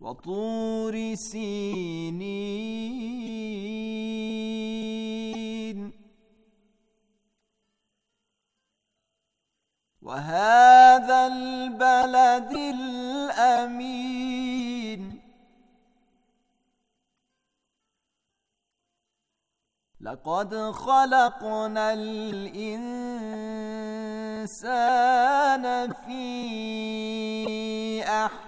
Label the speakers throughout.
Speaker 1: وطور سينين وهذا البلد الأمين لقد خلقنا الإنسان في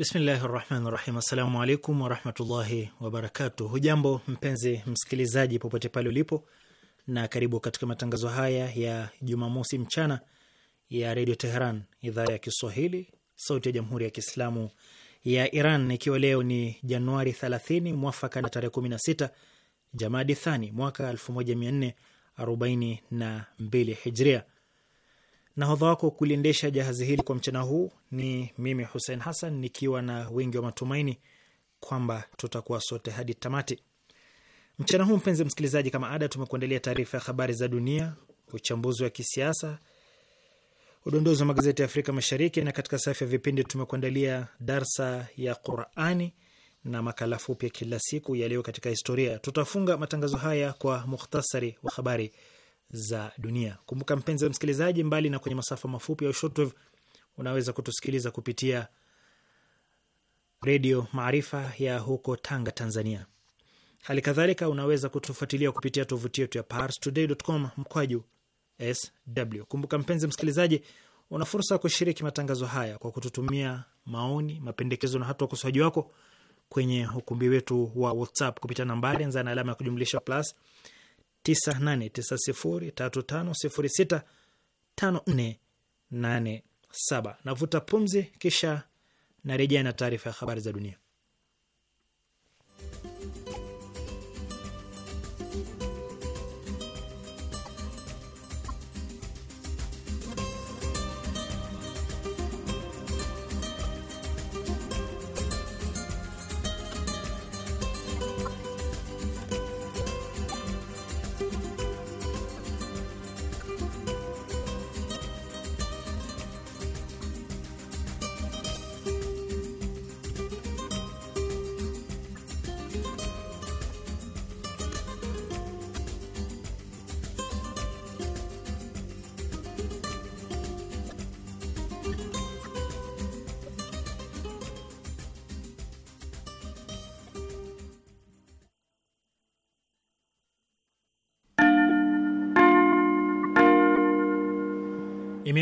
Speaker 2: Bismillahi rahmani rahim. Assalamu alaikum warahmatullahi wabarakatu. Hujambo mpenzi msikilizaji, popote pale ulipo, na karibu katika matangazo haya ya Jumamosi mchana ya redio Teheran, idhaa ya Kiswahili, sauti ya jamhuri ya kiislamu ya Iran, ikiwa leo ni Januari 30 mwafaka na tarehe 16 Jamadi Thani mwaka 1442 Hijria. Nahodha wako kuliendesha jahazi hili kwa mchana huu ni mimi Hussein Hassan, nikiwa na wingi wa matumaini kwamba tutakuwa sote hadi tamati. Mchana huu, mpenzi msikilizaji, kama ada, tumekuandalia taarifa ya habari za dunia, uchambuzi wa kisiasa, udondozi wa magazeti ya Afrika Mashariki, na katika safu ya vipindi tumekuandalia darsa ya Qurani na makala fupi ya kila siku yaliyo katika historia. Tutafunga matangazo haya kwa mukhtasari wa habari za dunia. Kumbuka mpenzi msikilizaji, mbali na kwenye masafa mafupi au shortwave, unaweza kutusikiliza kupitia redio Maarifa ya huko Tanga, Tanzania. Hali kadhalika unaweza kutufuatilia kupitia tovuti yetu ya parstoday.com mkwaju sw. Kumbuka mpenzi msikilizaji, una fursa ya kushiriki matangazo haya kwa kututumia maoni, mapendekezo na hata ukosoaji wako kwenye ukumbi wetu wa WhatsApp kupitia nambari anza na alama ya kujumlisha plus 989035065487. Navuta pumzi, kisha narejea na taarifa ya habari za dunia.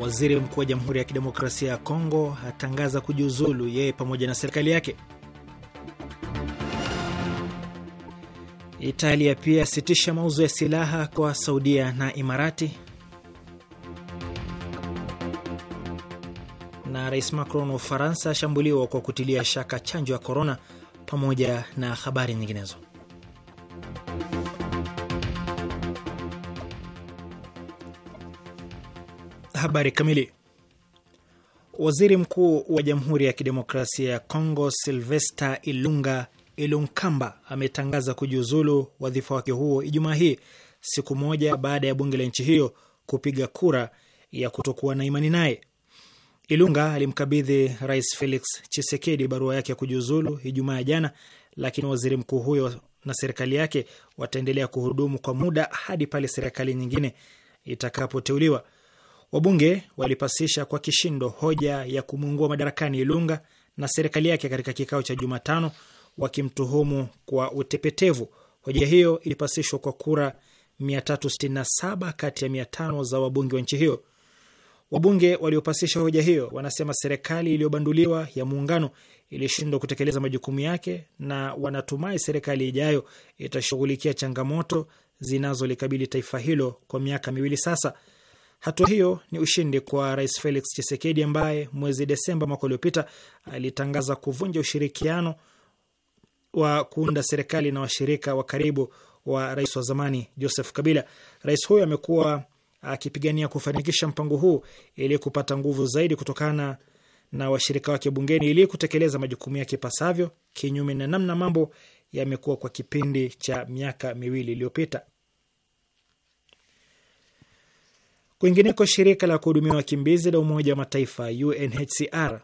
Speaker 2: Waziri mkuu wa Jamhuri ya Kidemokrasia ya Kongo atangaza kujiuzulu yeye pamoja na serikali yake. Italia pia sitisha mauzo ya silaha kwa Saudia na Imarati. Na Rais Macron wa Ufaransa ashambuliwa kwa kutilia shaka chanjo ya korona, pamoja na habari nyinginezo. Habari kamili. Waziri mkuu wa Jamhuri ya Kidemokrasia ya Kongo Silvesta Ilunga Ilunkamba ametangaza kujiuzulu wadhifa wake huo Ijumaa hii siku moja baada ya bunge la nchi hiyo kupiga kura ya kutokuwa na imani naye. Ilunga alimkabidhi Rais Felix Chisekedi barua yake ya kujiuzulu Ijumaa ya jana, lakini waziri mkuu huyo na serikali yake wataendelea kuhudumu kwa muda hadi pale serikali nyingine itakapoteuliwa. Wabunge walipasisha kwa kishindo hoja ya kumuungua madarakani Ilunga na serikali yake katika kikao cha Jumatano, wakimtuhumu kwa utepetevu. Hoja hiyo ilipasishwa kwa kura 367 kati ya 500 za wabunge wa nchi hiyo. Wabunge waliopasisha hoja hiyo wanasema serikali iliyobanduliwa ya muungano ilishindwa kutekeleza majukumu yake na wanatumai serikali ijayo itashughulikia changamoto zinazolikabili taifa hilo kwa miaka miwili sasa. Hatua hiyo ni ushindi kwa Rais Felix chisekedi ambaye mwezi Desemba mwaka uliopita alitangaza kuvunja ushirikiano wa kuunda serikali na washirika wa karibu wa rais wa zamani Joseph Kabila. Rais huyo amekuwa akipigania kufanikisha mpango huu ili kupata nguvu zaidi kutokana na washirika wake bungeni ili kutekeleza majukumu yake ipasavyo, kinyume na namna mambo yamekuwa kwa kipindi cha miaka miwili iliyopita. Kwingineko, shirika la kuhudumia wakimbizi la Umoja wa Mataifa UNHCR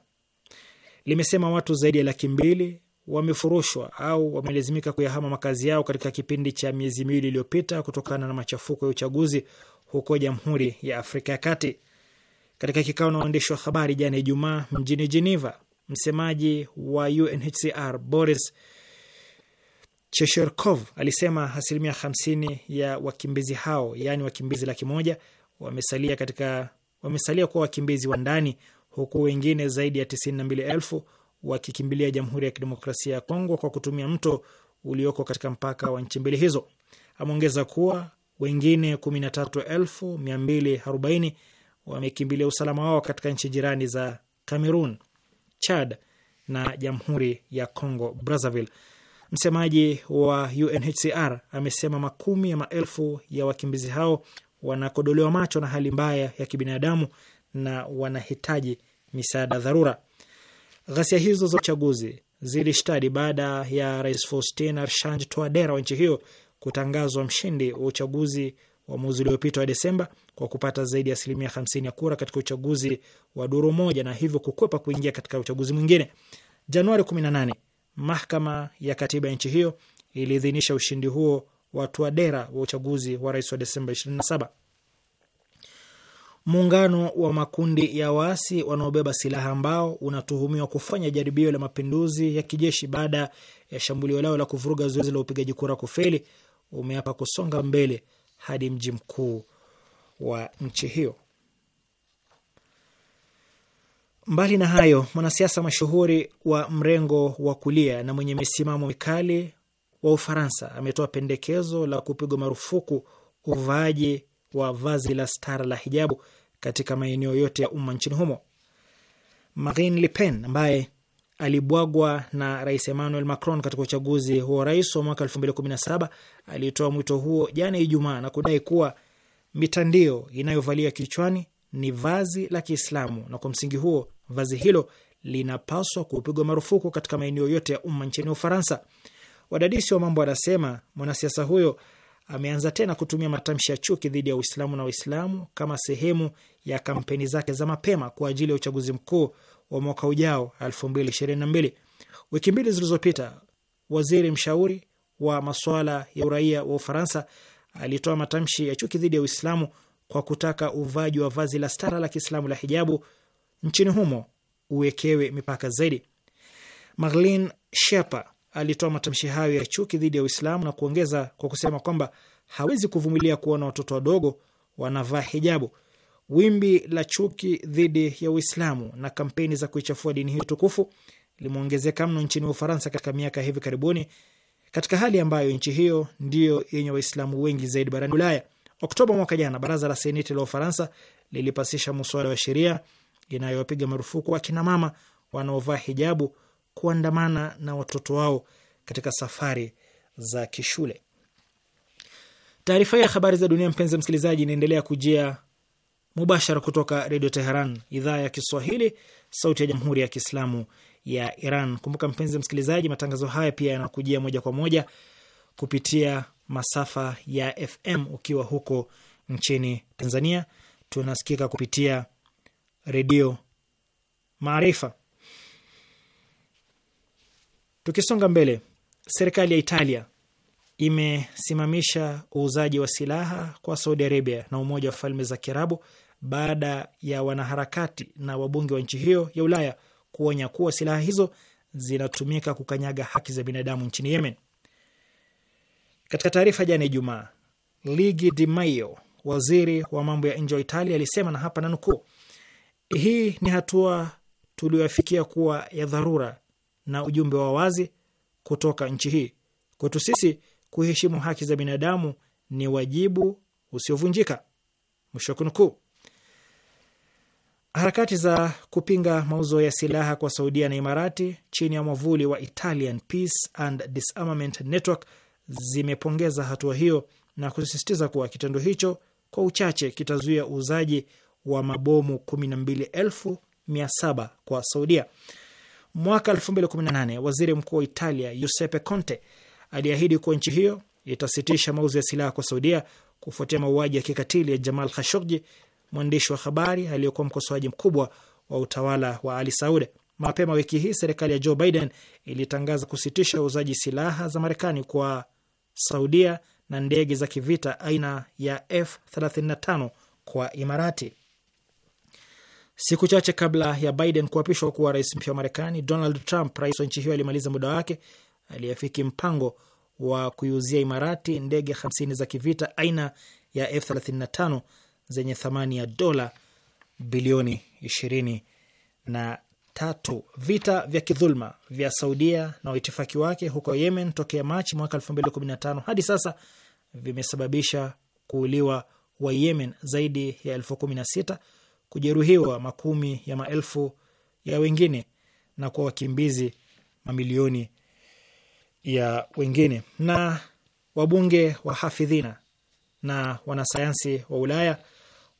Speaker 2: limesema watu zaidi ya laki mbili wamefurushwa au wamelazimika kuyahama makazi yao katika kipindi cha miezi miwili iliyopita kutokana na machafuko ya uchaguzi huko Jamhuri ya Afrika ya Kati. Katika kikao na waandishi wa habari jana Ijumaa mjini Geneva, msemaji wa UNHCR Boris Chesherkov alisema asilimia 50 ya wakimbizi hao, yaani wakimbizi laki moja wamesalia katika wamesalia kuwa wakimbizi wa ndani huku wengine zaidi ya tisini na mbili elfu wakikimbilia Jamhuri ya Kidemokrasia ya Kongo kwa kutumia mto ulioko katika mpaka wa nchi mbili hizo. Ameongeza kuwa wengine kumi na tatu elfu mia mbili arobaini wamekimbilia usalama wao katika nchi jirani za Cameroon, Chad na Jamhuri ya Kongo Brazzaville. Msemaji wa UNHCR amesema makumi ya maelfu ya wakimbizi hao wanakodolewa macho na hali mbaya ya kibinadamu na wanahitaji misaada dharura. Ghasia hizo za uchaguzi zilishtadi baada ya rais Faustin Archange Touadera wa nchi hiyo kutangazwa mshindi wa uchaguzi wa mwezi uliopita wa Desemba kwa kupata zaidi ya asilimia hamsini ya kura katika uchaguzi wa duru moja na hivyo kukwepa kuingia katika uchaguzi mwingine. Januari 18, mahakama ya katiba ya nchi hiyo iliidhinisha ushindi huo watu wa dera wa uchaguzi wa rais wa Desemba 27. Muungano wa makundi ya waasi wanaobeba silaha ambao unatuhumiwa kufanya jaribio la mapinduzi ya kijeshi baada ya shambulio lao la kuvuruga zoezi la upigaji kura kufeli umeapa kusonga mbele hadi mji mkuu wa nchi hiyo. Mbali na hayo, mwanasiasa mashuhuri wa mrengo wa kulia na mwenye misimamo mikali wa Ufaransa ametoa pendekezo la kupigwa marufuku uvaaji wa vazi la stara la hijabu katika maeneo yote ya umma nchini humo. Marine Le Pen ambaye alibwagwa na Rais Emmanuel Macron katika uchaguzi wa rais wa mwaka 2017 alitoa mwito huo jana Ijumaa na kudai kuwa mitandio inayovalia kichwani ni vazi la Kiislamu na kwa msingi huo vazi hilo linapaswa kupigwa marufuku katika maeneo yote ya umma nchini Ufaransa. Wadadisi wa mambo wanasema mwanasiasa huyo ameanza tena kutumia matamshi ya chuki dhidi ya Uislamu na Waislamu kama sehemu ya kampeni zake za mapema kwa ajili ya uchaguzi mkuu wa mwaka ujao 2022. Wiki mbili zilizopita, waziri mshauri wa masuala ya uraia wa Ufaransa alitoa matamshi ya chuki dhidi ya Uislamu kwa kutaka uvaji wa vazi la stara la Kiislamu la hijabu nchini humo uwekewe mipaka zaidi. Marlin Shepa alitoa matamshi hayo ya chuki dhidi ya Uislamu na kuongeza kwa kusema kwamba hawezi kuvumilia kuona watoto wadogo wanavaa hijabu. Wimbi la chuki dhidi ya Uislamu na kampeni za kuichafua dini hiyo tukufu limeongezeka mno nchini Ufaransa katika miaka hivi karibuni, katika hali ambayo nchi hiyo ndiyo yenye Waislamu wengi zaidi barani Ulaya. Oktoba mwaka jana, baraza la seneti la Ufaransa lilipasisha muswada wa sheria inayowapiga marufuku akina mama wanaovaa hijabu kuandamana na watoto wao katika safari za kishule. Taarifa ya habari za dunia, mpenzi msikilizaji, inaendelea kujia mubashara kutoka Redio Teheran, idhaa ya Kiswahili, sauti ya Jamhuri ya Kiislamu ya Iran. Kumbuka mpenzi msikilizaji, matangazo haya pia yanakujia moja kwa moja kupitia masafa ya FM. Ukiwa huko nchini Tanzania, tunasikika kupitia Redio Maarifa. Tukisonga mbele, serikali ya Italia imesimamisha uuzaji wa silaha kwa Saudi Arabia na Umoja wa Falme za Kiarabu baada ya wanaharakati na wabunge wa nchi hiyo ya Ulaya kuonya kuwa silaha hizo zinatumika kukanyaga haki za binadamu nchini Yemen. Katika taarifa jana Ijumaa, Ligi Di Maio, waziri wa mambo ya nje wa Italia, alisema na hapa nanukuu, hii ni hatua tuliyoafikia kuwa ya dharura na ujumbe wa wazi kutoka nchi hii. Kwetu sisi kuheshimu haki za binadamu ni wajibu usiovunjika. Mwisho kunukuu. Harakati za kupinga mauzo ya silaha kwa Saudia na Imarati chini ya mwavuli wa Italian Peace and Disarmament Network zimepongeza hatua hiyo na kusisitiza kuwa kitendo hicho kwa uchache kitazuia uuzaji wa mabomu 12,700 kwa Saudia. Mwaka 2018 waziri mkuu wa Italia Giuseppe Conte aliahidi kuwa nchi hiyo itasitisha mauzo ya silaha kwa Saudia kufuatia mauaji ya kikatili ya Jamal Khashoggi, mwandishi wa habari aliyekuwa mkosoaji mkubwa wa utawala wa Ali Saud. Mapema wiki hii serikali ya Joe Biden ilitangaza kusitisha uuzaji silaha za Marekani kwa Saudia na ndege za kivita aina ya F35 kwa Imarati. Siku chache kabla ya Biden kuapishwa kuwa rais mpya wa Marekani, Donald Trump, rais wa nchi hiyo alimaliza muda wake, aliyeafiki mpango wa kuiuzia Imarati ndege 50 za kivita aina ya F35 zenye thamani ya dola bilioni 23. Vita vya kidhulma vya Saudia na waitifaki wake huko Yemen tokea Machi mwaka 2015 hadi sasa vimesababisha kuuliwa wa Yemen zaidi ya elfu 16 kujeruhiwa makumi ya maelfu ya wengine na kwa wakimbizi mamilioni ya wengine. Na wabunge wa hafidhina na wanasayansi wa Ulaya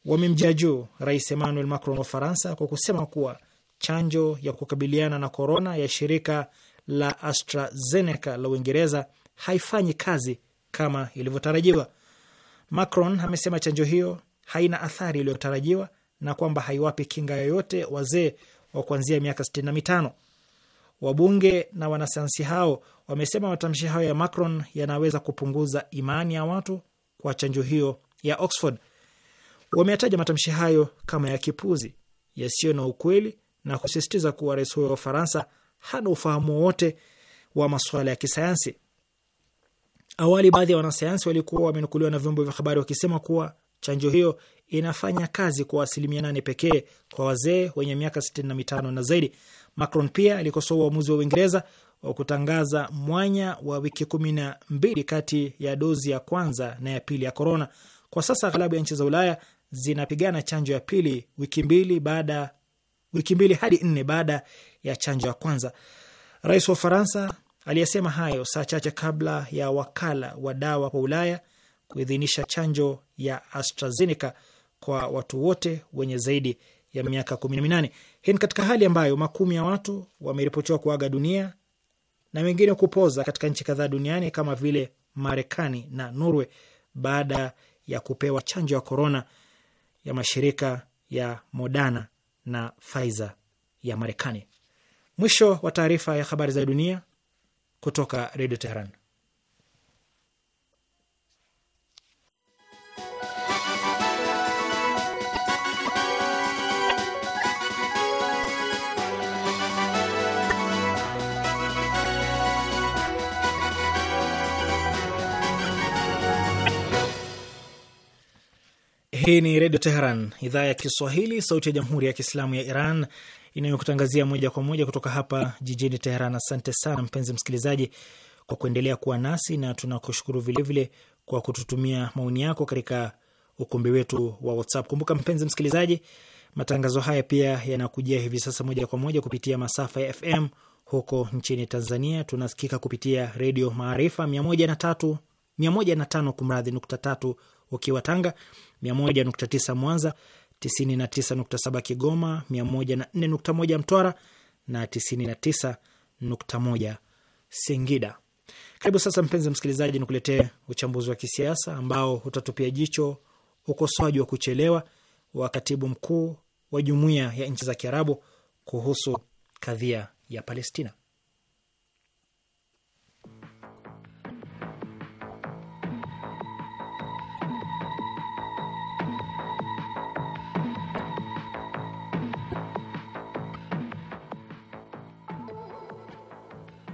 Speaker 2: wamemjia juu Rais Emmanuel Macron wa Ufaransa kwa kusema kuwa chanjo ya kukabiliana na korona ya shirika la AstraZeneca la Uingereza haifanyi kazi kama ilivyotarajiwa. Macron amesema chanjo hiyo haina athari iliyotarajiwa na kwamba haiwapi kinga yoyote wazee wa kuanzia miaka sitini na mitano. Wabunge na wanasayansi hao wamesema matamshi hayo ya Macron yanaweza kupunguza imani ya watu kwa chanjo hiyo ya Oxford. Wameyataja matamshi hayo kama ya kipuzi, yasiyo na ukweli na kusisitiza kuwa rais huyo wa Ufaransa hana ufahamu wowote wa masuala ya kisayansi. Awali baadhi ya wanasayansi walikuwa wamenukuliwa na vyombo vya habari wakisema kuwa chanjo hiyo inafanya kazi kwa asilimia nane pekee kwa wazee wenye miaka sitini na mitano na zaidi. Macron pia alikosoa uamuzi wa Uingereza wa kutangaza mwanya wa wiki kumi na mbili kati ya dozi ya kwanza na ya pili ya korona. Kwa sasa ghalabu ya nchi za Ulaya zinapigana chanjo ya pili wiki mbili baada wiki mbili hadi nne baada ya chanjo ya kwanza. Rais wa Ufaransa aliyesema hayo saa chache kabla ya wakala wa dawa kwa Ulaya kuidhinisha chanjo ya AstraZeneca kwa watu wote wenye zaidi ya miaka kumi na minane. Hii ni katika hali ambayo makumi ya watu wameripotiwa kuaga dunia na wengine kupoza katika nchi kadhaa duniani kama vile Marekani na Norway baada ya kupewa chanjo ya korona ya mashirika ya Moderna na Pfizer ya Marekani. Mwisho wa taarifa ya habari za dunia kutoka Redio Teheran. Hii ni Redio Teheran, idhaa ya Kiswahili, sauti ya Jamhuri ya Kiislamu ya Iran inayokutangazia moja kwa moja kutoka hapa jijini Teheran. Asante sana mpenzi msikilizaji kwa kuendelea kuwa nasi na tunakushukuru vilevile kwa kututumia maoni yako katika ukumbi wetu wa WhatsApp. Kumbuka mpenzi msikilizaji, matangazo haya pia yanakujia hivi sasa moja kwa moja kupitia masafa ya FM. Huko nchini Tanzania tunasikika kupitia Redio Maarifa 5 kumradhi nukta tatu ukiwa Tanga 101.9 Mwanza, 99.7 Kigoma, 104.1 Mtwara na 99.1 Singida. Karibu sasa, mpenzi msikilizaji, nikuletee uchambuzi wa kisiasa ambao utatupia jicho ukosoaji wa kuchelewa wa katibu mkuu wa Jumuiya ya Nchi za Kiarabu kuhusu kadhia ya Palestina.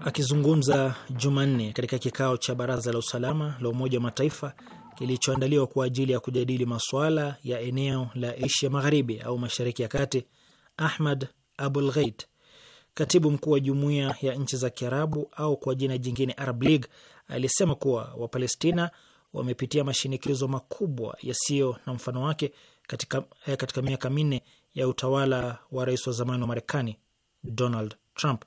Speaker 2: Akizungumza Jumanne katika kikao cha baraza la usalama la Umoja wa Mataifa kilichoandaliwa kwa ajili ya kujadili masuala ya eneo la Asia Magharibi au Mashariki ya Kati, Ahmad Abul Gheit, katibu mkuu wa Jumuiya ya Nchi za Kiarabu au kwa jina jingine Arab League, alisema kuwa Wapalestina wamepitia mashinikizo makubwa yasiyo na mfano wake katika, eh, katika miaka minne ya utawala wa rais wa zamani wa Marekani Donald Trump.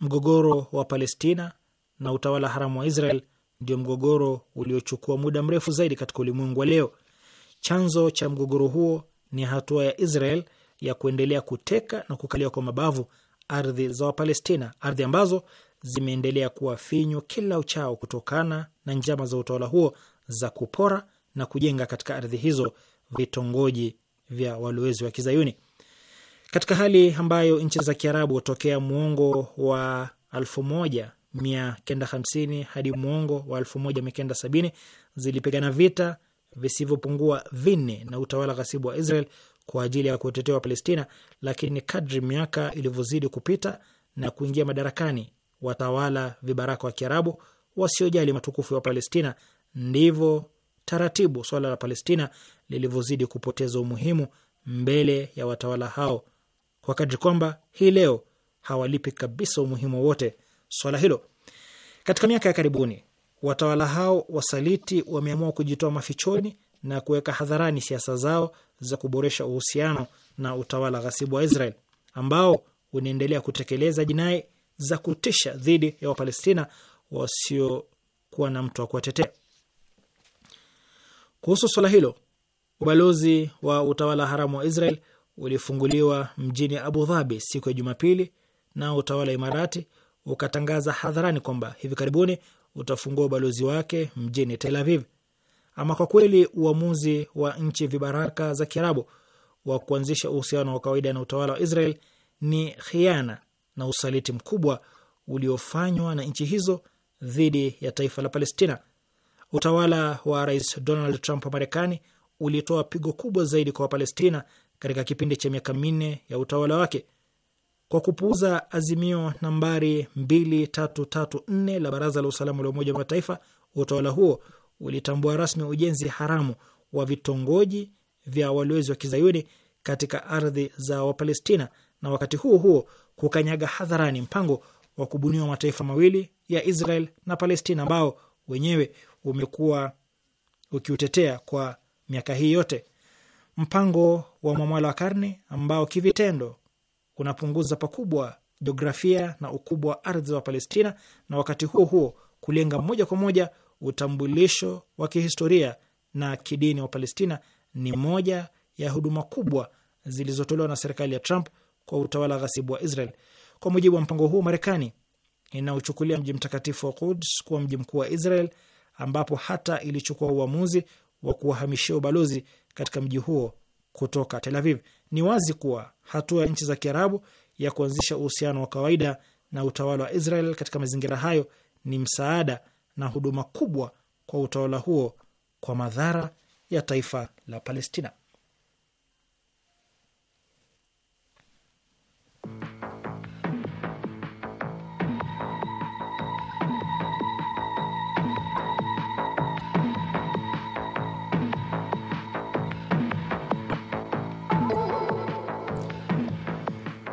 Speaker 2: Mgogoro wa Palestina na utawala haramu wa Israel ndio mgogoro uliochukua muda mrefu zaidi katika ulimwengu wa leo. Chanzo cha mgogoro huo ni hatua ya Israel ya kuendelea kuteka na kukalia kwa mabavu ardhi za Wapalestina, ardhi ambazo zimeendelea kuwa finyu kila uchao kutokana na njama za utawala huo za kupora na kujenga katika ardhi hizo vitongoji vya walowezi wa Kizayuni katika hali ambayo nchi za Kiarabu tokea mwongo wa 1950 hadi mwongo wa sabini zilipigana vita visivyopungua vinne na utawala ghasibu wa Israel kwa ajili ya kutetea wa Palestina, lakini kadri miaka ilivyozidi kupita na kuingia madarakani watawala vibaraka wa Kiarabu wasiojali matukufu wa Palestina, ndivyo taratibu swala la Palestina lilivyozidi kupoteza umuhimu mbele ya watawala hao kwa kadri kwamba hii leo hawalipi kabisa umuhimu wowote swala hilo. Katika miaka ya karibuni, watawala hao wasaliti wameamua kujitoa mafichoni na kuweka hadharani siasa zao za kuboresha uhusiano na utawala ghasibu wa Israel ambao unaendelea kutekeleza jinai za kutisha dhidi ya Wapalestina wasiokuwa na mtu wa kuwatetea. Kuhusu swala hilo, ubalozi wa utawala haramu wa Israel ulifunguliwa mjini Abu Dhabi siku ya Jumapili na utawala wa Imarati ukatangaza hadharani kwamba hivi karibuni utafungua ubalozi wake mjini Tel Aviv. Ama kwa kweli, uamuzi wa nchi vibaraka za Kiarabu wa kuanzisha uhusiano wa kawaida na utawala wa Israel ni khiana na usaliti mkubwa uliofanywa na nchi hizo dhidi ya taifa la Palestina. Utawala wa Rais Donald Trump wa Marekani ulitoa pigo kubwa zaidi kwa Wapalestina katika kipindi cha miaka minne ya utawala wake kwa kupuuza azimio nambari 2334 la Baraza la Usalama la Umoja wa Mataifa. Utawala huo ulitambua rasmi ujenzi haramu wa vitongoji vya walowezi wa kizayuni katika ardhi za Wapalestina na wakati huo huo kukanyaga hadharani mpango wa kubuniwa mataifa mawili ya Israel na Palestina ambao wenyewe umekuwa ukiutetea kwa miaka hii yote mpango wa mwamwala wa karne ambao kivitendo unapunguza pakubwa jiografia na ukubwa wa ardhi wa Palestina na wakati huo huo kulenga moja kwa moja utambulisho wa kihistoria na kidini wa Palestina ni moja ya huduma kubwa zilizotolewa na serikali ya Trump kwa utawala ghasibu wa Israel. Kwa mujibu wa mpango huo, Marekani inauchukulia mji mtakatifu wa Quds kuwa mji mkuu wa Israel, ambapo hata ilichukua uamuzi wa kuwahamishia ubalozi katika mji huo kutoka Tel Aviv. Ni wazi kuwa hatua ya nchi za Kiarabu ya kuanzisha uhusiano wa kawaida na utawala wa Israel katika mazingira hayo ni msaada na huduma kubwa kwa utawala huo kwa madhara ya taifa la Palestina.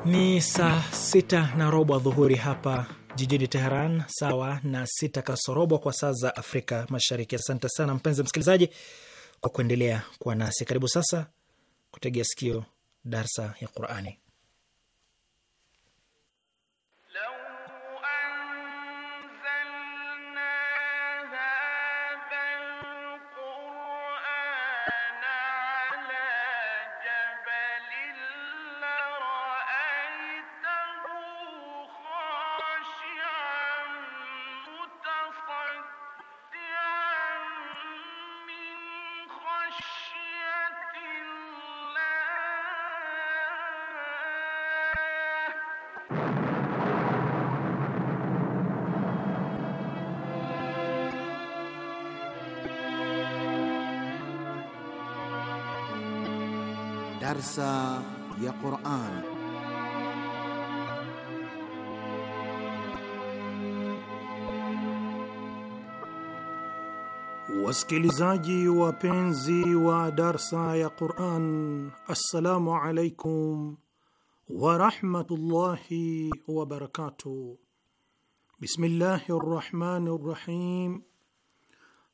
Speaker 2: Ni saa sita na robo adhuhuri hapa jijini Teheran, sawa na sita kasorobo kwa saa za Afrika Mashariki. Asante sana mpenzi msikilizaji kwa kuendelea kuwa nasi. Karibu sasa kutegea sikio darsa ya Qurani.
Speaker 3: موسى يا قرآن
Speaker 4: Wasikilizaji wapenzi wa darsa ya Quran, assalamu alaikum warahmatullahi wabarakatuh. Bismillahi rrahmani rrahim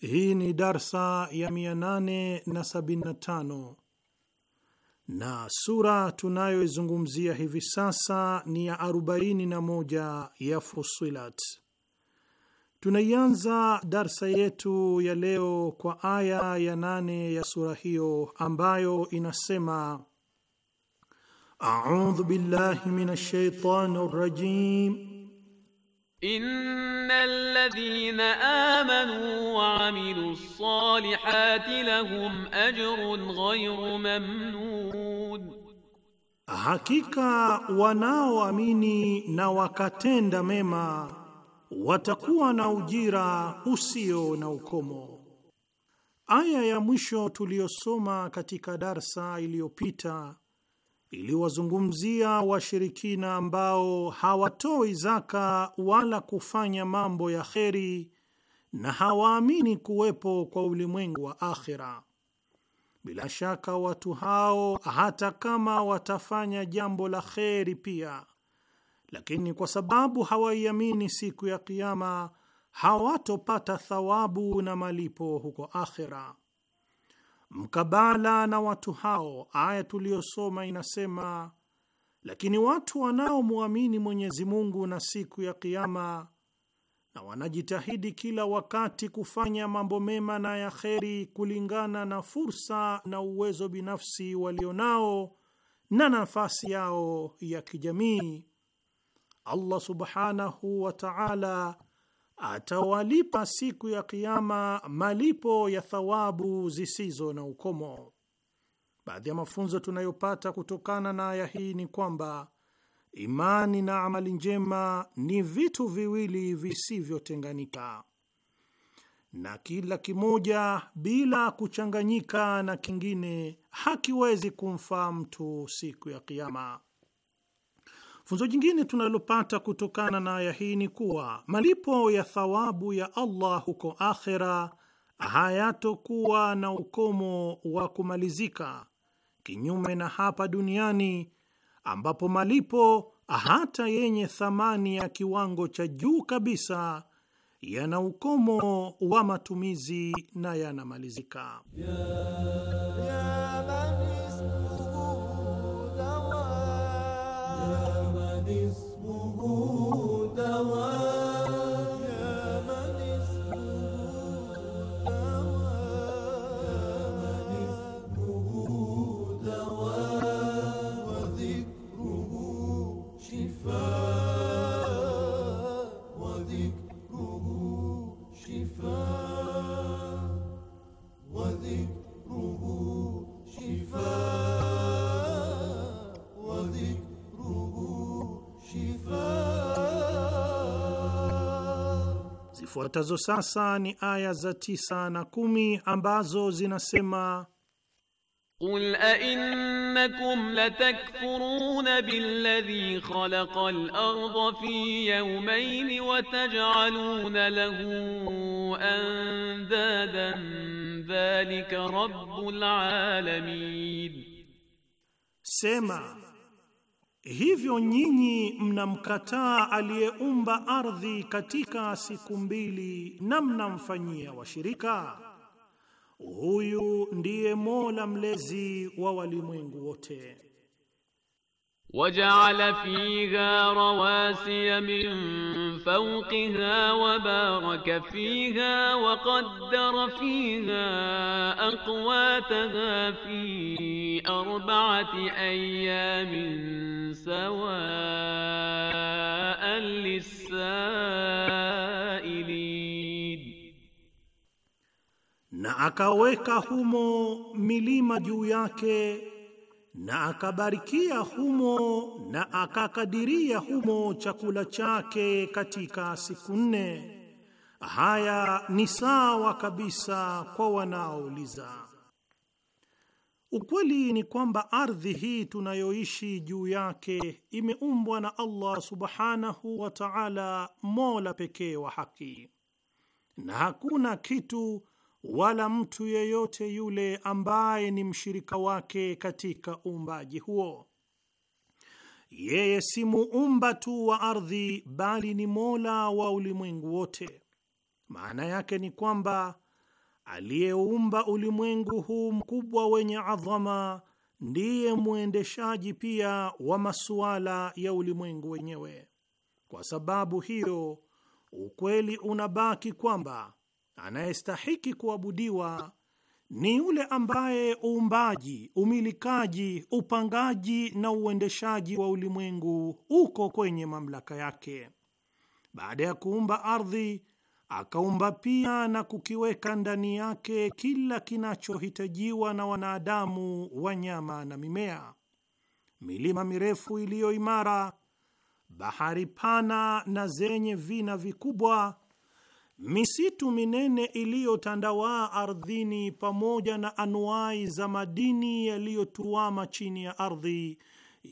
Speaker 4: Hii ni darsa ya 875 na sura tunayoizungumzia hivi sasa ni ya 41 ya Fusilat. Tunaianza darsa yetu ya leo kwa aya ya 8 ya sura hiyo ambayo inasema: audhu billahi minash shaitani rajim Innal ladhina amanu wa amilu
Speaker 5: ssalihati lahum ajrun ghayru mamnun,
Speaker 4: hakika wanaoamini na wakatenda mema watakuwa na ujira usio na ukomo. Aya ya mwisho tuliyosoma katika darsa iliyopita iliwazungumzia washirikina ambao hawatoi zaka wala kufanya mambo ya kheri na hawaamini kuwepo kwa ulimwengu wa akhira. Bila shaka watu hao hata kama watafanya jambo la kheri pia, lakini kwa sababu hawaiamini siku ya Kiama hawatopata thawabu na malipo huko akhira. Mkabala na watu hao, aya tuliyosoma inasema, lakini watu wanaomwamini Mwenyezi Mungu na siku ya Kiama na wanajitahidi kila wakati kufanya mambo mema na ya kheri kulingana na fursa na uwezo binafsi walionao na nafasi yao ya kijamii, Allah subhanahu wa taala atawalipa siku ya Kiama malipo ya thawabu zisizo na ukomo. Baadhi ya mafunzo tunayopata kutokana na aya hii ni kwamba imani na amali njema ni vitu viwili visivyotenganika, na kila kimoja bila kuchanganyika na kingine hakiwezi kumfaa mtu siku ya Kiama. Funzo jingine tunalopata kutokana na aya hii ni kuwa malipo ya thawabu ya Allah huko akhera hayatokuwa na ukomo wa kumalizika, kinyume na hapa duniani ambapo malipo hata yenye thamani ya kiwango cha juu kabisa yana ukomo wa matumizi na yanamalizika
Speaker 6: ya.
Speaker 4: Zifuatazo sasa ni aya za tisa na kumi ambazo zinasema Qul ainnakum
Speaker 5: latakfuruna billadhi khalaqa al-ardha fi yawmayn wa taj'aluna lahu andadan dhalika rabbul alamin,
Speaker 4: Sema Hivyo nyinyi mnamkataa aliyeumba ardhi katika siku mbili na mnamfanyia washirika. Huyu ndiye Mola mlezi wa walimwengu wote.
Speaker 5: وجعل فيها رواسي من فوقها وبارك فيها وقدر فيها أقواتها في أربعة أيام سواء
Speaker 4: للسائلين na akaweka humo milima juu yake na akabarikia humo na akakadiria humo chakula chake katika siku nne. Haya ni sawa kabisa kwa wanaouliza. Ukweli ni kwamba ardhi hii tunayoishi juu yake imeumbwa na Allah subhanahu wa ta'ala, mola pekee wa haki, na hakuna kitu wala mtu yeyote yule ambaye ni mshirika wake katika uumbaji huo. Yeye si muumba tu wa ardhi, bali ni mola wa ulimwengu wote. Maana yake ni kwamba aliyeumba ulimwengu huu mkubwa wenye adhama ndiye mwendeshaji pia wa masuala ya ulimwengu wenyewe. Kwa sababu hiyo, ukweli unabaki kwamba anayestahiki kuabudiwa ni yule ambaye uumbaji, umilikaji, upangaji na uendeshaji wa ulimwengu uko kwenye mamlaka yake. Baada ya kuumba ardhi, akaumba pia na kukiweka ndani yake kila kinachohitajiwa na wanadamu, wanyama na mimea, milima mirefu iliyo imara, bahari pana na zenye vina vikubwa Misitu minene iliyotandawaa ardhini pamoja na anuai za madini yaliyotuama chini ya ardhi,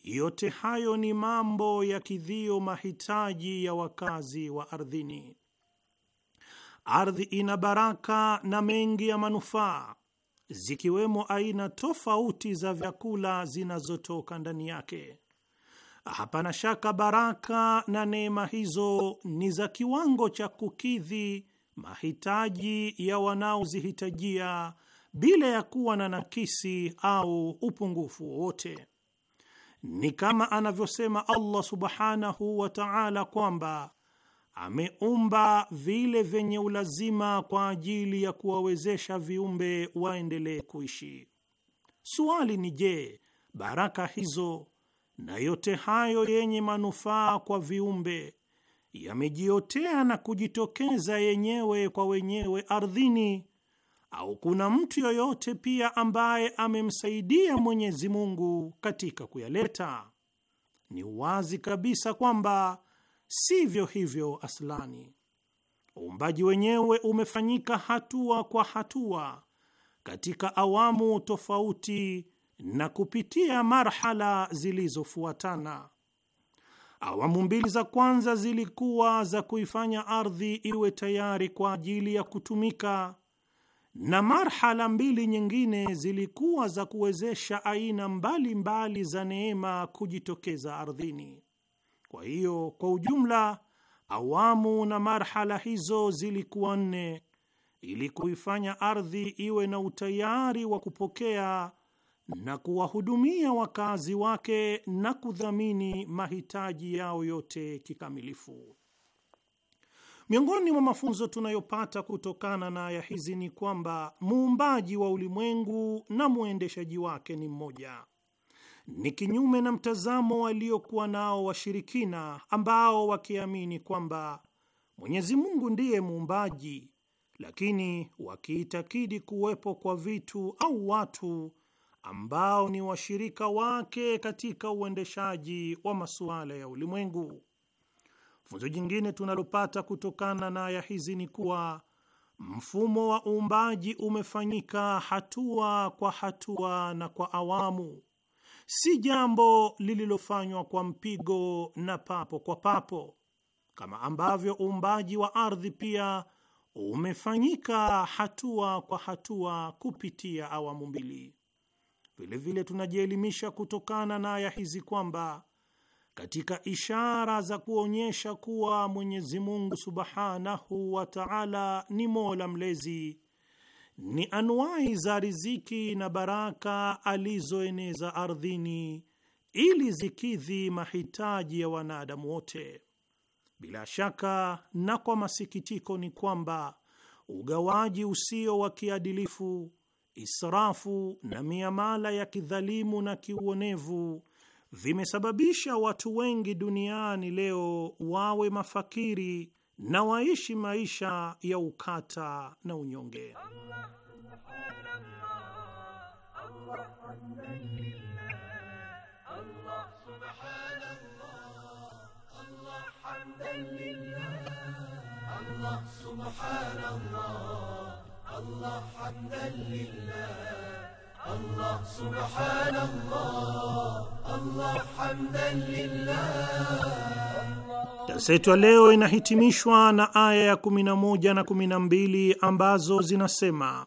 Speaker 4: yote hayo ni mambo yakidhio mahitaji ya wakazi wa ardhini. Ardhi ina baraka na mengi ya manufaa, zikiwemo aina tofauti za vyakula zinazotoka ndani yake. Hapana shaka baraka na neema hizo ni za kiwango cha kukidhi mahitaji ya wanaozihitajia bila ya kuwa na nakisi au upungufu wowote. Ni kama anavyosema Allah subhanahu wa ta'ala kwamba ameumba vile vyenye ulazima kwa ajili ya kuwawezesha viumbe waendelee kuishi. Suali ni je, baraka hizo na yote hayo yenye manufaa kwa viumbe yamejiotea na kujitokeza yenyewe kwa wenyewe ardhini, au kuna mtu yoyote pia ambaye amemsaidia Mwenyezi Mungu katika kuyaleta? Ni wazi kabisa kwamba sivyo hivyo aslani. Uumbaji wenyewe umefanyika hatua kwa hatua katika awamu tofauti na kupitia marhala zilizofuatana. Awamu mbili za kwanza zilikuwa za kuifanya ardhi iwe tayari kwa ajili ya kutumika, na marhala mbili nyingine zilikuwa za kuwezesha aina mbalimbali mbali za neema kujitokeza ardhini. Kwa hiyo, kwa ujumla, awamu na marhala hizo zilikuwa nne ili kuifanya ardhi iwe na utayari wa kupokea na kuwahudumia wakazi wake na kudhamini mahitaji yao yote kikamilifu. Miongoni mwa mafunzo tunayopata kutokana na aya hizi ni kwamba muumbaji wa ulimwengu na mwendeshaji wake ni mmoja. Ni kinyume na mtazamo waliokuwa nao washirikina ambao wakiamini kwamba Mwenyezi Mungu ndiye muumbaji, lakini wakiitakidi kuwepo kwa vitu au watu ambao ni washirika wake katika uendeshaji wa masuala ya ulimwengu. Funzo jingine tunalopata kutokana na aya hizi ni kuwa mfumo wa uumbaji umefanyika hatua kwa hatua na kwa awamu, si jambo lililofanywa kwa mpigo na papo kwa papo, kama ambavyo uumbaji wa ardhi pia umefanyika hatua kwa hatua kupitia awamu mbili. Vilevile tunajielimisha kutokana na aya hizi kwamba katika ishara za kuonyesha kuwa Mwenyezi Mungu Subhanahu wa Ta'ala ni Mola mlezi ni anuwai za riziki na baraka alizoeneza ardhini ili zikidhi mahitaji ya wanadamu wote. Bila shaka na kwa masikitiko, ni kwamba ugawaji usio wa kiadilifu israfu na miamala ya kidhalimu na kiuonevu vimesababisha watu wengi duniani leo wawe mafakiri na waishi maisha ya ukata na unyonge.
Speaker 6: Allah, subhanallah, Allah hamdan lillah Allah subhanallah Allah hamdan lillah.
Speaker 4: Darsa yetu ya leo inahitimishwa na aya ya 11 na 12 ambazo zinasema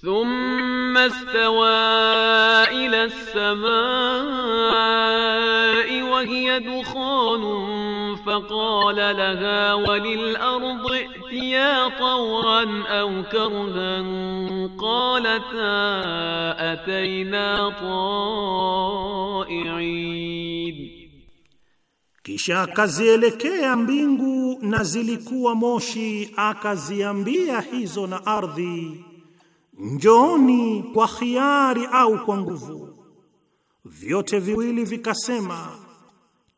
Speaker 5: Thumma stawa ila as-samaa'i wa hiya dukhanun فقال لها وللأرض ائتيا طوعا أو كرها قالتا أتينا طائعين
Speaker 4: Kisha akazielekea mbingu na zilikuwa moshi, akaziambia hizo na ardhi, njooni kwa khiari au kwa nguvu. Vyote viwili vikasema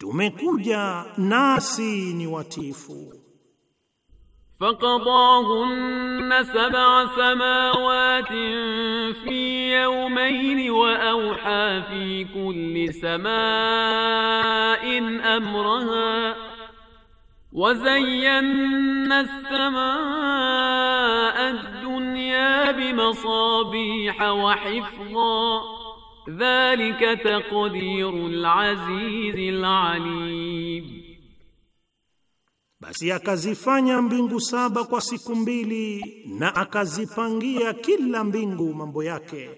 Speaker 4: tumekuja nasi ni watifu.
Speaker 5: فقضاهن سبع سماوات في يومين وأوحى في كل سماء أمرها وزينا السماء الدنيا بمصابيح وحفظا Dhalika taqdirul azizil alim,
Speaker 4: basi akazifanya mbingu saba kwa siku mbili na akazipangia kila mbingu mambo yake,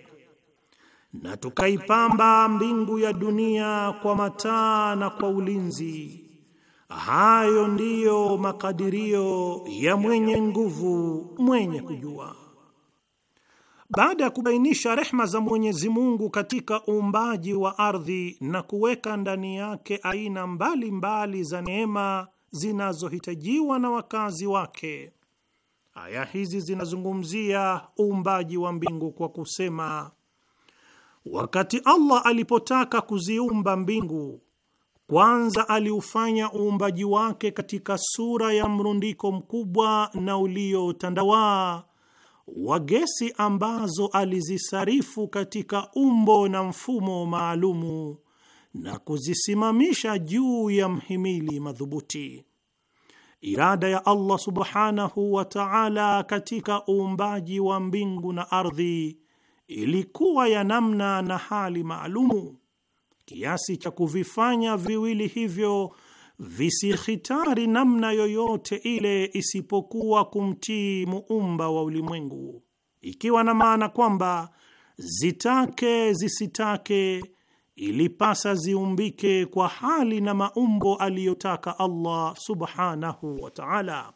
Speaker 4: na tukaipamba mbingu ya dunia kwa mataa na kwa ulinzi. Hayo ndiyo makadirio ya mwenye nguvu mwenye kujua. Baada ya kubainisha rehma za Mwenyezi Mungu katika uumbaji wa ardhi na kuweka ndani yake aina mbalimbali mbali za neema zinazohitajiwa na wakazi wake, aya hizi zinazungumzia uumbaji wa mbingu kwa kusema, wakati Allah alipotaka kuziumba mbingu, kwanza aliufanya uumbaji wake katika sura ya mrundiko mkubwa na uliotandawaa wa gesi ambazo alizisarifu katika umbo na mfumo maalumu na kuzisimamisha juu ya mhimili madhubuti. Irada ya Allah subhanahu wa ta'ala katika uumbaji wa mbingu na ardhi ilikuwa ya namna na hali maalumu kiasi cha kuvifanya viwili hivyo visihitari namna yoyote ile isipokuwa kumtii muumba wa ulimwengu, ikiwa na maana kwamba zitake zisitake, ilipasa ziumbike kwa hali na maumbo aliyotaka Allah subhanahu wa ta'ala,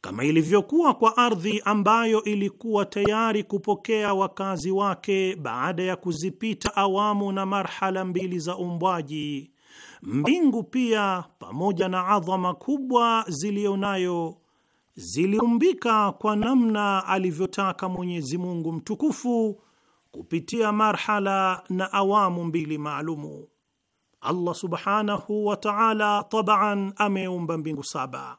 Speaker 4: kama ilivyokuwa kwa ardhi ambayo ilikuwa tayari kupokea wakazi wake baada ya kuzipita awamu na marhala mbili za umbwaji Mbingu pia pamoja na adhama kubwa ziliyonayo ziliumbika kwa namna alivyotaka Mwenyezi Mungu mtukufu kupitia marhala na awamu mbili maalumu. Allah subhanahu wa ta'ala tabaan ameumba mbingu saba,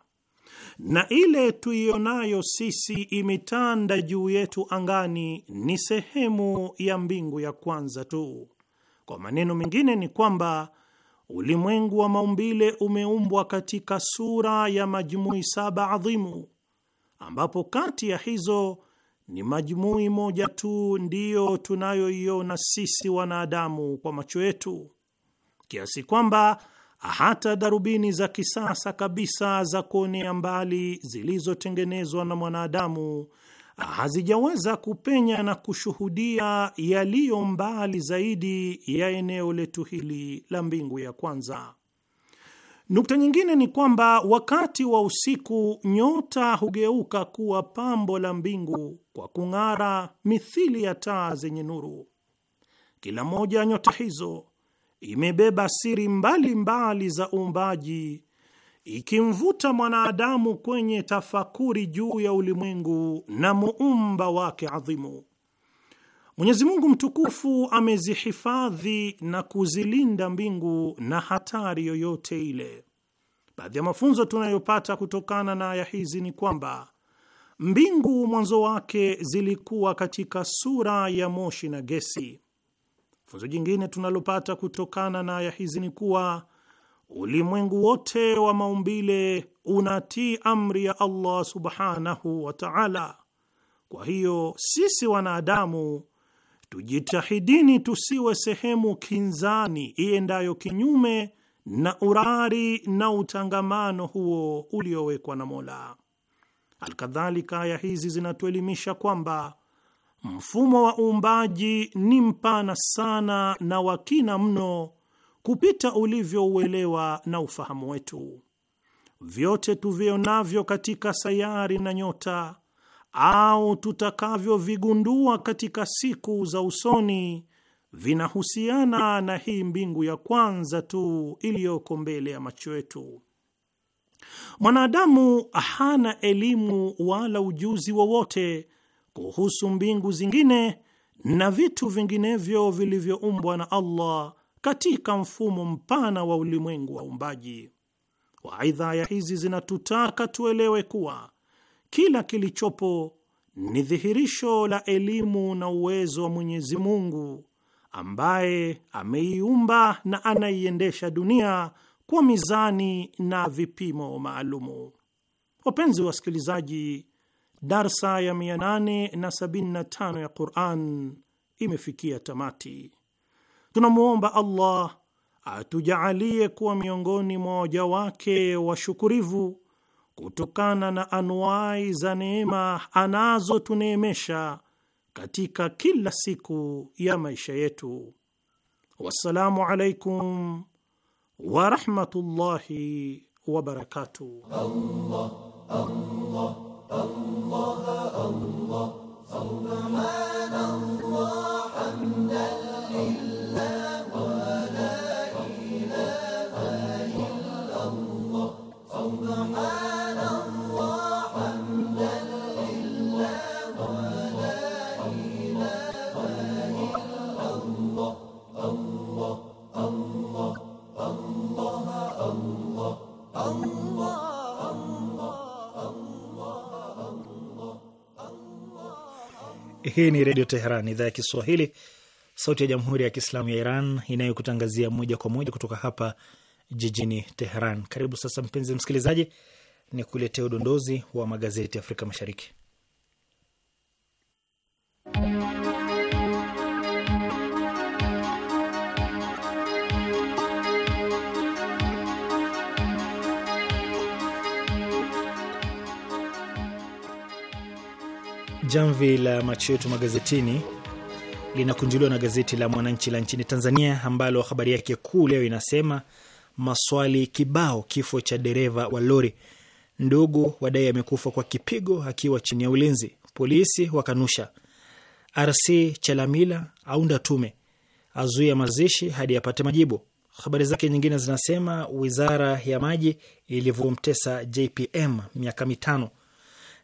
Speaker 4: na ile tuiyonayo sisi imetanda juu yetu angani ni sehemu ya mbingu ya kwanza tu. Kwa maneno mengine ni kwamba ulimwengu wa maumbile umeumbwa katika sura ya majumui saba adhimu, ambapo kati ya hizo ni majumui moja tu ndiyo tunayoiona sisi wanadamu kwa macho yetu, kiasi kwamba hata darubini za kisasa kabisa za kuonea mbali zilizotengenezwa na mwanadamu hazijaweza kupenya na kushuhudia yaliyo mbali zaidi ya eneo letu hili la mbingu ya kwanza. Nukta nyingine ni kwamba wakati wa usiku nyota hugeuka kuwa pambo la mbingu kwa kung'ara mithili ya taa zenye nuru. Kila moja ya nyota hizo imebeba siri mbalimbali mbali za uumbaji ikimvuta mwanadamu kwenye tafakuri juu ya ulimwengu na muumba wake adhimu. Mwenyezi Mungu mtukufu amezihifadhi na kuzilinda mbingu na hatari yoyote ile. Baadhi ya mafunzo tunayopata kutokana na aya hizi ni kwamba mbingu mwanzo wake zilikuwa katika sura ya moshi na gesi. Funzo jingine tunalopata kutokana na aya hizi ni kuwa ulimwengu wote wa maumbile unatii amri ya Allah subhanahu wa ta'ala. Kwa hiyo sisi wanadamu tujitahidini tusiwe sehemu kinzani iendayo kinyume na urari na utangamano huo uliowekwa na Mola. Alkadhalika, aya hizi zinatuelimisha kwamba mfumo wa uumbaji ni mpana sana na wa kina mno kupita ulivyouelewa na ufahamu wetu. Vyote tuvionavyo katika sayari na nyota au tutakavyovigundua katika siku za usoni vinahusiana na hii mbingu ya kwanza tu iliyoko mbele ya macho yetu. Mwanadamu hana elimu wala ujuzi wowote wa kuhusu mbingu zingine na vitu vinginevyo vilivyoumbwa na Allah katika mfumo mpana wa ulimwengu wa uumbaji. Waidha, aya hizi zinatutaka tuelewe kuwa kila kilichopo ni dhihirisho la elimu na uwezo wa Mwenyezi Mungu ambaye ameiumba na anaiendesha dunia kwa mizani na vipimo maalumu. Wapenzi wasikilizaji, darsa ya 875 ya Quran imefikia tamati. Tunamwomba Allah atujaalie kuwa miongoni mwa waja wake washukurivu kutokana na anuwai za neema anazotuneemesha katika kila siku ya maisha yetu. Wassalamu alaikum warahmatullahi wabarakatuh.
Speaker 6: Allah, Allah, Allah, Allah, Allah, Allah, Allah, Allah,
Speaker 2: Hii ni Redio Teheran, idhaa ya Kiswahili, sauti ya jamhuri ya kiislamu ya Iran inayokutangazia moja kwa moja kutoka hapa jijini Teheran. Karibu sasa, mpenzi msikilizaji, ni kuletea udondozi wa magazeti ya Afrika Mashariki. Jamvi la macho yetu magazetini linakunjuliwa na gazeti la Mwananchi la nchini Tanzania, ambalo habari yake kuu leo inasema maswali kibao, kifo cha dereva wa lori, ndugu wadai amekufa kwa kipigo akiwa chini ya ulinzi, polisi wakanusha, RC Chalamila aunda tume, azuia mazishi hadi apate majibu. Habari zake nyingine zinasema wizara ya maji ilivyomtesa JPM miaka mitano,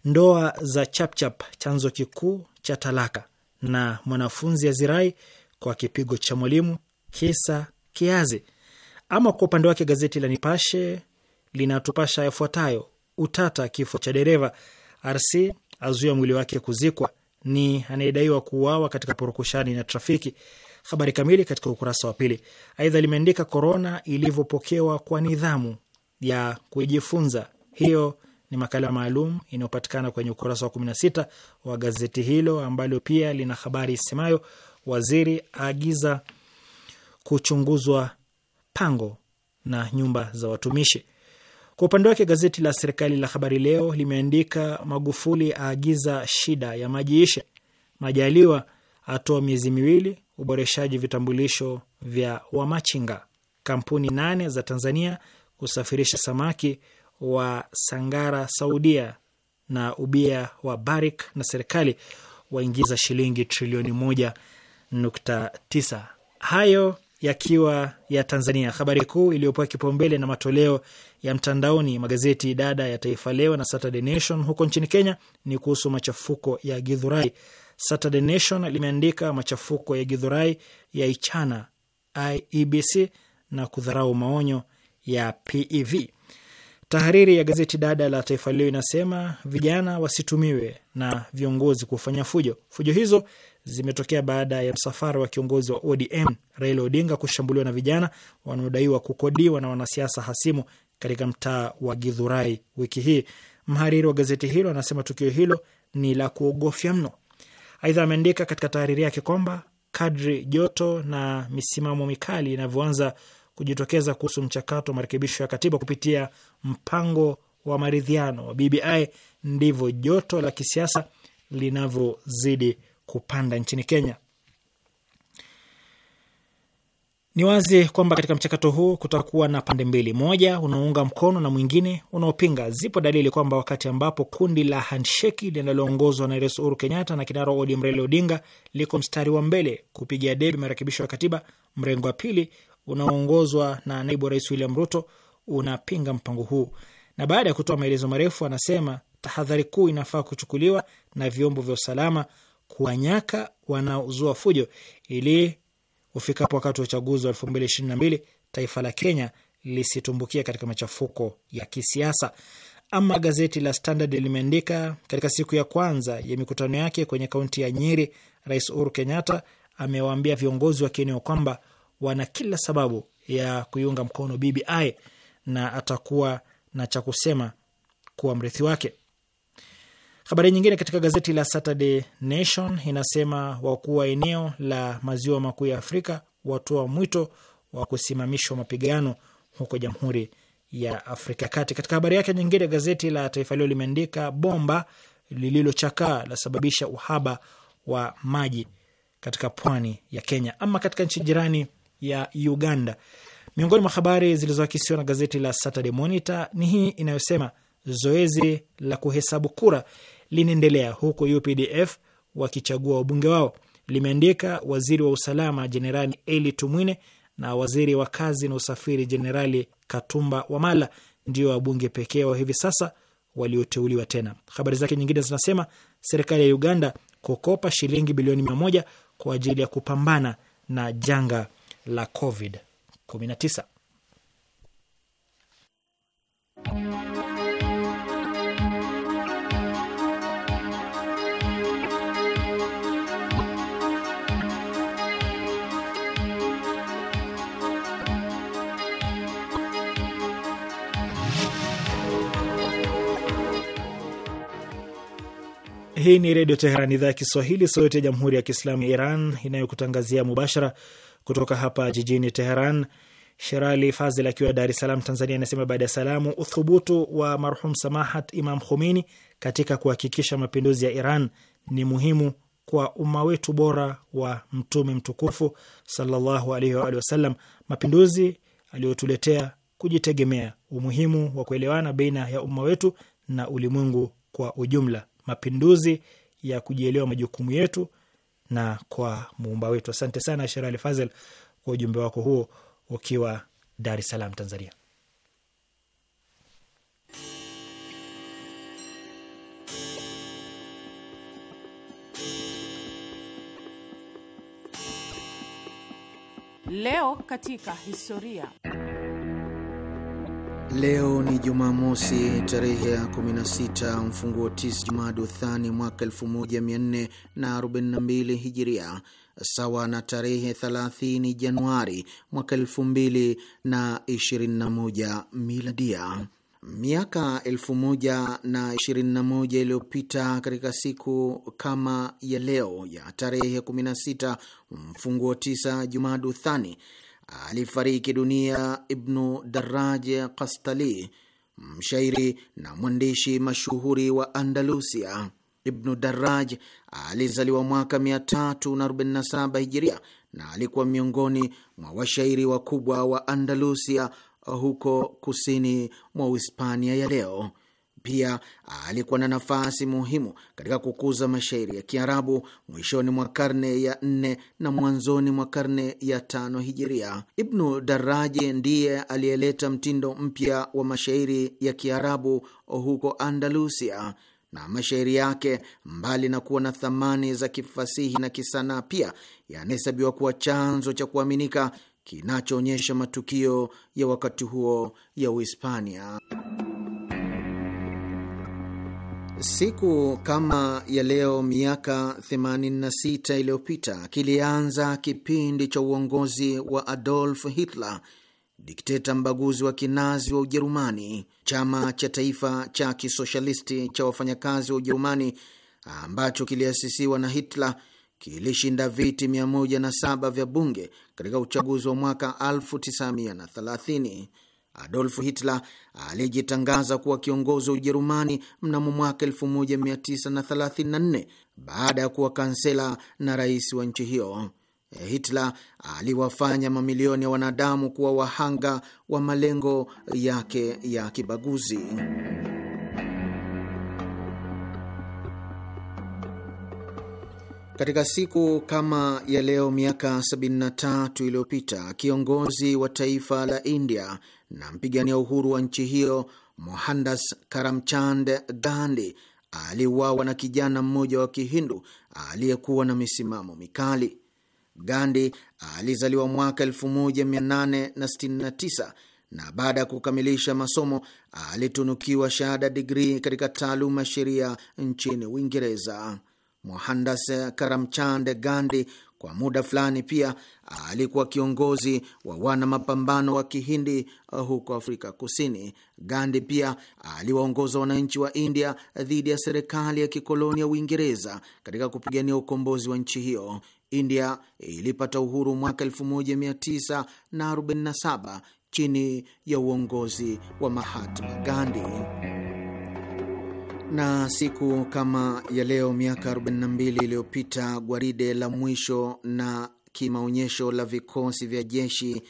Speaker 2: ndoa za chapchap chanzo kikuu cha talaka na mwanafunzi Azirai kwa kipigo cha mwalimu, kisa kiazi. Ama kwa upande wake gazeti la Nipashe linatupasha yafuatayo: utata kifo cha dereva, RC azuia mwili wake kuzikwa, ni anayedaiwa kuuawa katika purukushani na trafiki. Habari kamili katika ukurasa wa pili. Aidha limeandika korona ilivyopokewa kwa nidhamu ya kujifunza, hiyo ni makala maalum inayopatikana kwenye ukurasa wa 16 wa gazeti hilo ambalo pia lina habari isemayo waziri aagiza kuchunguzwa pango na nyumba za watumishi. Kwa upande wake gazeti la serikali la Habari Leo limeandika Magufuli aagiza shida ya maji ishe, Majaliwa atoa miezi miwili uboreshaji vitambulisho vya wamachinga, kampuni nane za Tanzania kusafirisha samaki wa Sangara Saudia na ubia wa Barik na serikali waingiza shilingi trilioni moja nukta tisa. Hayo yakiwa ya Tanzania. Habari kuu iliyopewa kipaumbele na matoleo ya mtandaoni magazeti dada ya Taifa Leo na Saturday Nation huko nchini Kenya ni kuhusu machafuko ya Githurai. Saturday Nation limeandika machafuko ya Githurai ya ichana IEBC na kudharau maonyo ya PEV. Tahariri ya gazeti dada la Taifa Leo inasema vijana wasitumiwe na viongozi kufanya fujo. Fujo hizo zimetokea baada ya msafara wa kiongozi wa ODM Raila Odinga kushambuliwa na vijana wanaodaiwa kukodiwa na wanasiasa hasimu katika mtaa wa Githurai wiki hii. Mhariri wa gazeti hilo anasema tukio hilo ni la kuogofya mno. Aidha, ameandika katika tahariri yake kwamba kadri joto na misimamo mikali inavyoanza kujitokeza kuhusu mchakato wa marekebisho ya katiba kupitia mpango wa maridhiano wa BBI ndivyo joto la kisiasa linavyozidi kupanda nchini Kenya. Ni wazi kwamba katika mchakato huu kutakuwa na pande mbili, moja unaounga mkono na mwingine unaopinga. Zipo dalili kwamba wakati ambapo kundi la handsheki linaloongozwa na Rais Uhuru Kenyatta na kinara ODM Raila Odinga liko mstari wa mbele kupigia debe marekebisho ya katiba, mrengo wa pili unaoongozwa na naibu rais William Ruto unapinga mpango huu, na baada ya kutoa maelezo marefu anasema tahadhari kuu inafaa kuchukuliwa na vyombo vya usalama kuwanyaka wanaozua fujo ili ufikapo wakati wa uchaguzi wa elfu mbili ishirini na mbili taifa la Kenya lisitumbukia katika machafuko ya kisiasa. Ama gazeti la Standard limeandika katika siku ya kwanza ya mikutano yake kwenye kaunti ya Nyeri, Rais Uhuru Kenyatta amewaambia viongozi wa kieneo kwamba wana kila sababu ya kuiunga mkono BBI na atakuwa na cha kusema kuwa mrithi wake. Habari nyingine katika gazeti la Saturday Nation inasema wakuu wa eneo la maziwa makuu ya Afrika watoa mwito wa kusimamishwa mapigano huko Jamhuri ya Afrika Kati. Katika habari yake nyingine, gazeti la Taifa Leo limeandika bomba lililochakaa lasababisha uhaba wa maji katika pwani ya Kenya. Ama katika nchi jirani ya Uganda. Miongoni mwa habari zilizoakisiwa na gazeti la Saturday Monitor ni hii inayosema zoezi la kuhesabu kura linaendelea huku UPDF wakichagua wabunge wao. Limeandika waziri wa usalama Jenerali Eli Tumwine na waziri wa kazi na usafiri Jenerali Katumba Wamala ndio wabunge pekee wa hivi sasa walioteuliwa tena. Habari zake nyingine zinasema serikali ya Uganda kukopa shilingi bilioni mia moja kwa ajili ya kupambana na janga la Covid 19. Hii ni Redio Teheran, idhaa ya Kiswahili, sauti ya Jamhuri ya Kiislamu ya Iran inayokutangazia mubashara kutoka hapa jijini Teheran. Sherali Fazil akiwa Dar es Salaam, Tanzania, anasema baada ya salamu, uthubutu wa marhum Samahat Imam Khomeini katika kuhakikisha mapinduzi ya Iran ni muhimu kwa umma wetu bora wa Mtume mtukufu sallallahu alaihi wa alihi wasallam, mapinduzi aliyotuletea kujitegemea, umuhimu wa kuelewana baina ya umma wetu na ulimwengu kwa ujumla, mapinduzi ya kujielewa majukumu yetu na kwa muumba wetu. Asante sana Sherali Fazel kwa ujumbe wako huo ukiwa Dar es Salaam, Tanzania.
Speaker 6: Leo katika historia
Speaker 3: Leo ni Jumamosi tarehe ya 16 mfunguo 9 Jumada Uthani mwaka 1442 Hijiria, sawa na tarehe 30 Januari mwaka 2021 Miladia. Miaka 1021 iliyopita katika siku kama ya leo ya tarehe 16 mfunguo 9 Jumada duthani alifariki dunia Ibnu Daraj Kastali, mshairi na mwandishi mashuhuri wa Andalusia. Ibnu Daraj alizaliwa mwaka 347 Hijiria na alikuwa miongoni mwa washairi wakubwa wa Andalusia, huko kusini mwa Uhispania ya leo. Pia ah, alikuwa na nafasi muhimu katika kukuza mashairi ya Kiarabu mwishoni mwa karne ya nne na mwanzoni mwa karne ya tano hijiria. Ibnu Daraji ndiye aliyeleta mtindo mpya wa mashairi ya Kiarabu huko Andalusia, na mashairi yake mbali na kuwa na thamani za kifasihi na kisanaa, pia yanahesabiwa kuwa chanzo cha kuaminika kinachoonyesha matukio ya wakati huo ya Uhispania. Siku kama ya leo miaka 86 iliyopita kilianza kipindi cha uongozi wa Adolf Hitler, dikteta mbaguzi wa kinazi wa Ujerumani. Chama cha taifa cha kisoshalisti cha wafanyakazi wa Ujerumani ambacho kiliasisiwa na Hitler kilishinda viti 107 vya bunge katika uchaguzi wa mwaka 1930. Adolf Hitler aliyejitangaza kuwa kiongozi wa Ujerumani mnamo mwaka 1934 baada ya kuwa kansela na rais wa nchi hiyo. Hitler aliwafanya mamilioni ya wanadamu kuwa wahanga wa malengo yake ya kibaguzi. Katika siku kama ya leo miaka 73 iliyopita, kiongozi wa taifa la India na mpigania uhuru wa nchi hiyo Mohandas Karamchand Gandhi aliuawa na kijana mmoja wa Kihindu aliyekuwa na misimamo mikali. Gandhi alizaliwa mwaka 1869 na baada ya kukamilisha masomo alitunukiwa shahada digrii katika taaluma sheria nchini Uingereza. Mohandas Karamchand Gandhi kwa muda fulani pia alikuwa kiongozi wa wana mapambano wa kihindi uh, huko Afrika Kusini. Gandhi pia aliwaongoza wananchi wa India dhidi ya serikali ya kikoloni ya Uingereza katika kupigania ukombozi wa nchi hiyo. India ilipata uhuru mwaka 1947 chini ya uongozi wa Mahatma Gandhi. Na siku kama ya leo miaka 42 iliyopita gwaride la mwisho na kimaonyesho la vikosi vya jeshi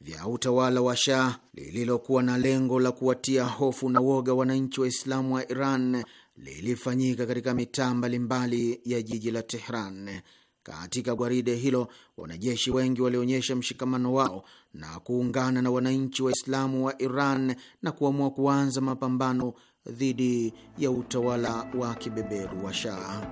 Speaker 3: vya utawala wa Shah lililokuwa na lengo la kuwatia hofu na woga wananchi Waislamu wa Iran lilifanyika katika mitaa mbalimbali ya jiji la Tehran. Katika gwaride hilo wanajeshi wengi walionyesha mshikamano wao na kuungana na wananchi wa islamu wa Iran na kuamua kuanza mapambano dhidi ya utawala wa kibeberu wa Shah.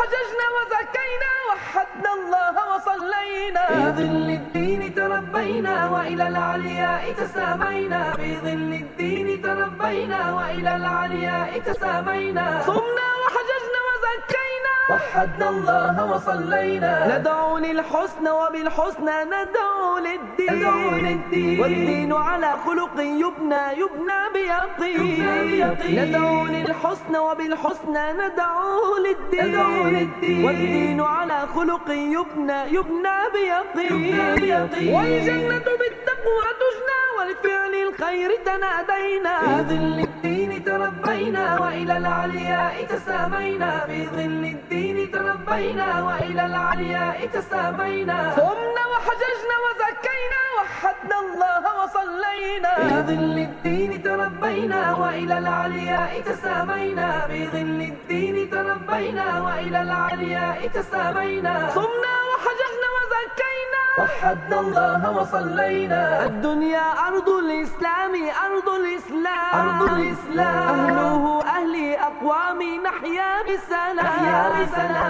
Speaker 7: وحججنا وزكينا وحدنا الله وصلينا في ظل الدين تربينا وإلى العلياء تسامينا في الدين تربينا وإلى العلياء تسامينا صمنا وحججنا وزكينا وحدنا الله وصلينا ندعو للحسن وبالحسنى ندعو للدين, ندعو للدين والدين على خلق يبنى يبنى بيقين, بيقين ندعو للحسن وبالحسنى ندعو للدين, ندعو للدين والدين على خلق يبنى يبنى بيقين, يبنى بيقين والجنة بالتقوى تجنى والفعل الخير تنادينا بظل الدين تربينا وإلى العلياء تسامينا بظل الدين الدين تربينا وإلى العلياء تسامينا صمنا وحججنا وزكينا وحدنا الله وصلينا في ظل الدين تربينا وإلى العلياء تسامينا ظل الدين تربينا وإلى العلياء تسامينا صمنا وحججنا وزكينا وحدنا الله وصلينا الدنيا أرض الإسلام أرض الإسلام أرض الإسلام أهله أهل أقوام نحيا
Speaker 6: بسلام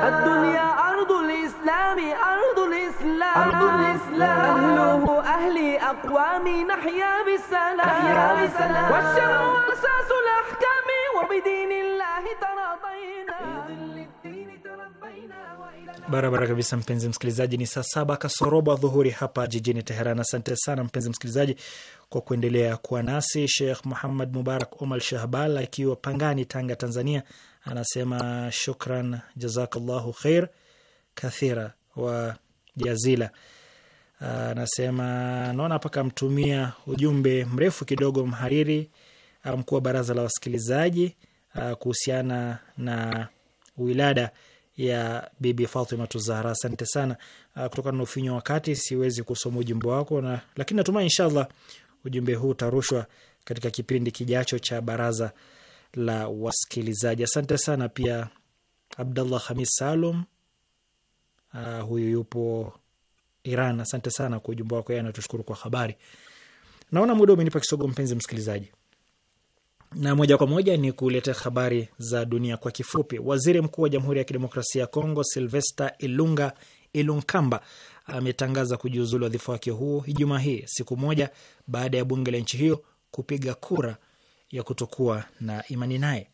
Speaker 6: الدنيا
Speaker 7: أرض الإسلام أرض الإسلام أرض الإسلام أهله أهل أقوام نحيا بسلام والشرع أساس الأحكام وبدين الله تراضينا
Speaker 2: Barabara kabisa, mpenzi msikilizaji, ni saa saba kasorobo dhuhuri hapa jijini Teheran. Asante sana mpenzi msikilizaji kwa kuendelea kuwa nasi. Sheikh Muhammad Mubarak Omar Shahbal akiwa Pangani, Tanga, Tanzania, anasema shukran, jazakallahu khair kathira wa jazila. Anasema naona hapa kamtumia ujumbe mrefu kidogo mhariri mkuu wa baraza la wasikilizaji kuhusiana na wilada ya Bibi Fatima Tuzahra. Asante sana. Ah, kutokana na ufinyo wakati, siwezi kusoma ujumbe wako na, lakini natumai inshallah ujumbe huu utarushwa katika kipindi kijacho cha baraza la wasikilizaji. Asante sana pia Abdallah Hamis Salum, uh, huyu yupo Iran. Asante sana kwa ujumbe wako, yeye anatushukuru kwa habari. Naona muda umenipa kisogo, mpenzi msikilizaji na moja kwa moja ni kuleta habari za dunia kwa kifupi. Waziri mkuu wa Jamhuri ya Kidemokrasia ya Kongo Silvesta Ilunga Ilunkamba ametangaza kujiuzulu wadhifa wake huo Ijumaa hii, siku moja baada ya bunge la nchi hiyo kupiga kura ya kutokuwa na imani naye.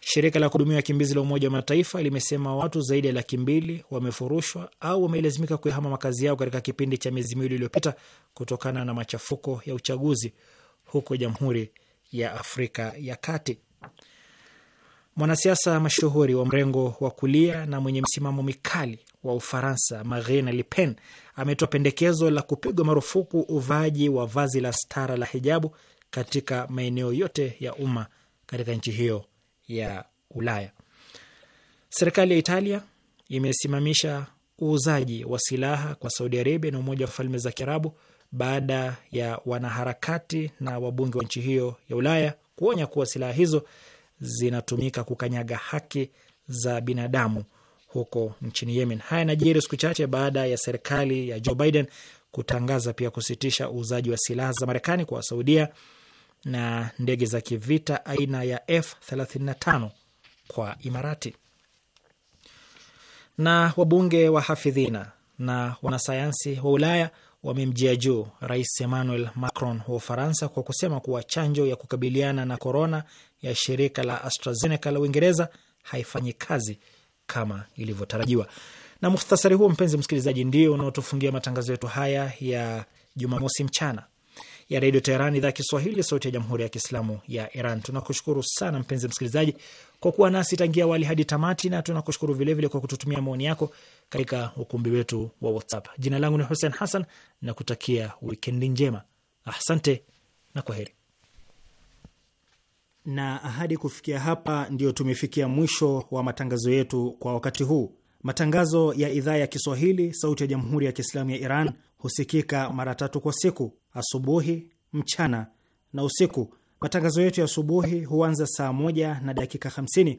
Speaker 2: Shirika la kuhudumia wakimbizi la Umoja wa Mataifa limesema watu zaidi ya laki mbili wamefurushwa au wamelazimika kuyahama makazi yao katika kipindi cha miezi miwili iliyopita kutokana na machafuko ya uchaguzi huko Jamhuri ya Afrika ya Kati. Mwanasiasa mashuhuri wa mrengo wa kulia na mwenye msimamo mikali wa Ufaransa, Marine Le Pen, ametoa pendekezo la kupigwa marufuku uvaaji wa vazi la stara la hijabu katika maeneo yote ya umma katika nchi hiyo ya Ulaya. Serikali ya Italia imesimamisha uuzaji wa silaha kwa Saudi Arabia na Umoja wa Falme za Kiarabu baada ya wanaharakati na wabunge wa nchi hiyo ya Ulaya kuonya kuwa silaha hizo zinatumika kukanyaga haki za binadamu huko nchini Yemen. Haya yanajiri siku chache baada ya serikali ya Joe Biden kutangaza pia kusitisha uuzaji wa silaha za Marekani kwa Wasaudia na ndege za kivita aina ya F35 kwa Imarati. Na wabunge wa hafidhina na wanasayansi wa Ulaya wamemjia juu Rais Emmanuel Macron wa Ufaransa kwa kusema kuwa chanjo ya kukabiliana na korona ya shirika la AstraZeneca la Uingereza haifanyi kazi kama ilivyotarajiwa. Na muhtasari huo, mpenzi msikilizaji, ndio unaotufungia matangazo yetu haya ya Jumamosi mchana ya Redio Teheran, idhaa Kiswahili, sauti ya Jamhuri ya Kiislamu ya Iran. Tunakushukuru sana mpenzi msikilizaji kwa kuwa nasi tangia wali hadi tamati, na tunakushukuru vilevile kwa kututumia maoni yako katika ukumbi wetu wa WhatsApp. Jina langu ni Hussein Hassan na kutakia wikendi njema. Asante na kwa heri. Na ahadi kufikia hapa, ndiyo tumefikia mwisho wa matangazo yetu kwa wakati huu. Matangazo ya idhaa ya Kiswahili sauti ya jamhuri ya Kiislamu ya Iran husikika mara tatu kwa siku: asubuhi, mchana na usiku. Matangazo yetu ya asubuhi huanza saa moja na dakika 50